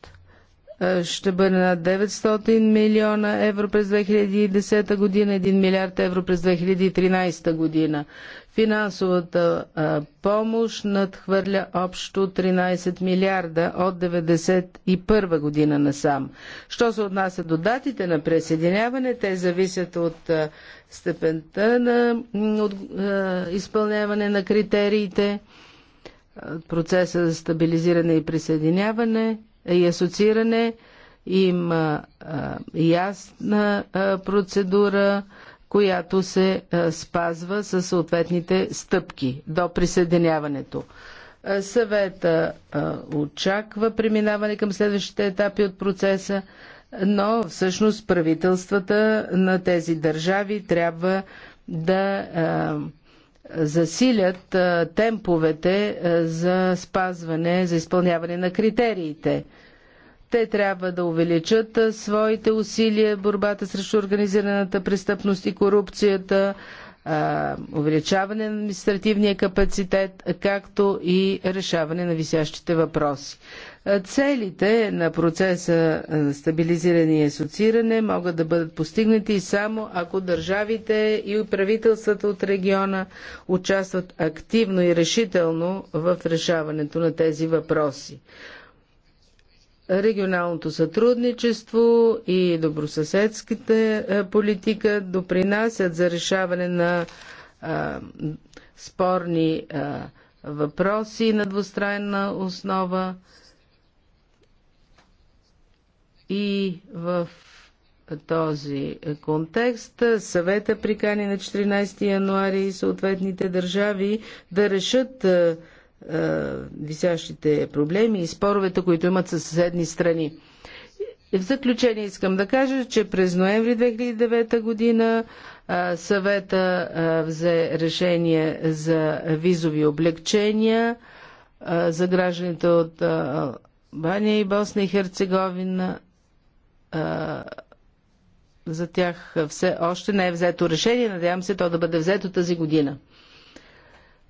ще бъде на 900 милиона евро през 2010 година, 1 милиард евро през 2013 година. Финансовата помощ надхвърля общо 13 милиарда от 1991 година насам. Що се отнася до датите на присъединяване, те зависят от степента на от, изпълняване на критериите процеса за стабилизиране и присъединяване и асоцииране. Има ясна процедура, която се спазва със съответните стъпки до присъединяването. Съвета очаква преминаване към следващите етапи от процеса, но всъщност правителствата на тези държави трябва да засилят темповете за спазване, за изпълняване на критериите. Те трябва да увеличат своите усилия в борбата срещу организираната престъпност и корупцията, увеличаване на административния капацитет, както и решаване на висящите въпроси. Е, целите на процеса на е, стабилизиране и асоцииране могат да бъдат постигнати само ако държавите и правителствата от региона участват активно и решително в решаването на тези въпроси. Регионалното сътрудничество и добросъседската е, политика допринасят за решаване на а, спорни а, въпроси на двустранна основа. И в този контекст съвета прикани на 14 януари съответните държави да решат е, е, висящите проблеми и споровете, които имат със съседни страни. В заключение искам да кажа, че през ноември 2009 година е, съвета е, взе решение за визови облегчения за гражданите от Бания и Босна и Херцеговина за тях все още не е взето решение. Надявам се то да бъде взето тази година.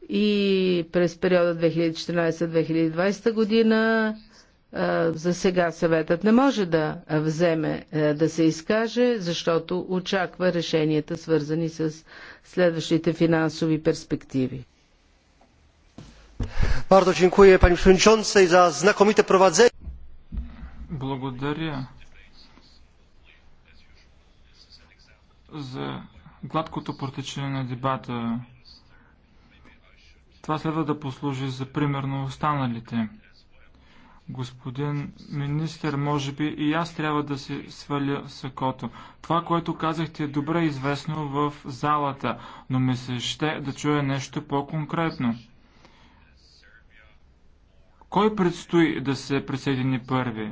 И през периода 2014-2020 година за сега съветът не може да вземе да се изкаже, защото очаква решенията свързани с следващите финансови перспективи. Bardzo dziękuję Pani Przewodniczącej za znakomite prowadzenie. Благодаря за гладкото протичане на дебата. Това следва да послужи за пример на останалите. Господин министр, може би и аз трябва да се сваля сакото. Това, което казахте, е добре известно в залата, но ми се ще да чуя нещо по-конкретно. Кой предстои да се присъедини първи?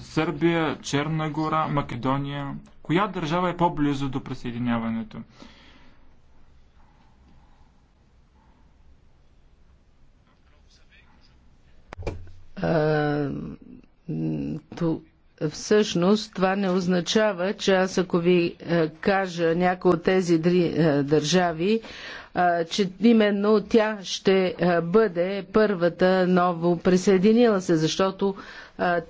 Сърбия, Черна гора, Македония. Коя държава е по-близо до присъединяването? всъщност това не означава, че аз ако ви кажа някои от тези три държави, че именно тя ще бъде първата ново присъединила се, защото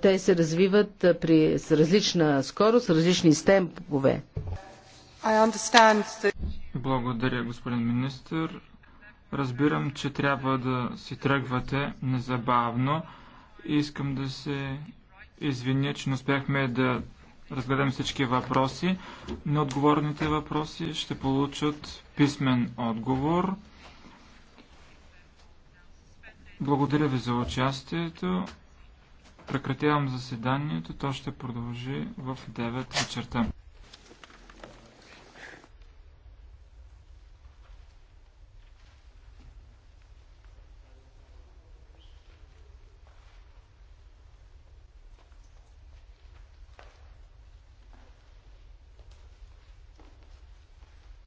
те се развиват при, с различна скорост, с различни стемпове. That... Благодаря, господин министр. Разбирам, че трябва да си тръгвате незабавно. Искам да се извиня, че не успяхме да разгледам всички въпроси. Неотговорните въпроси ще получат писмен отговор. Благодаря ви за участието. Прекратявам заседанието. То ще продължи в 9 вечерта.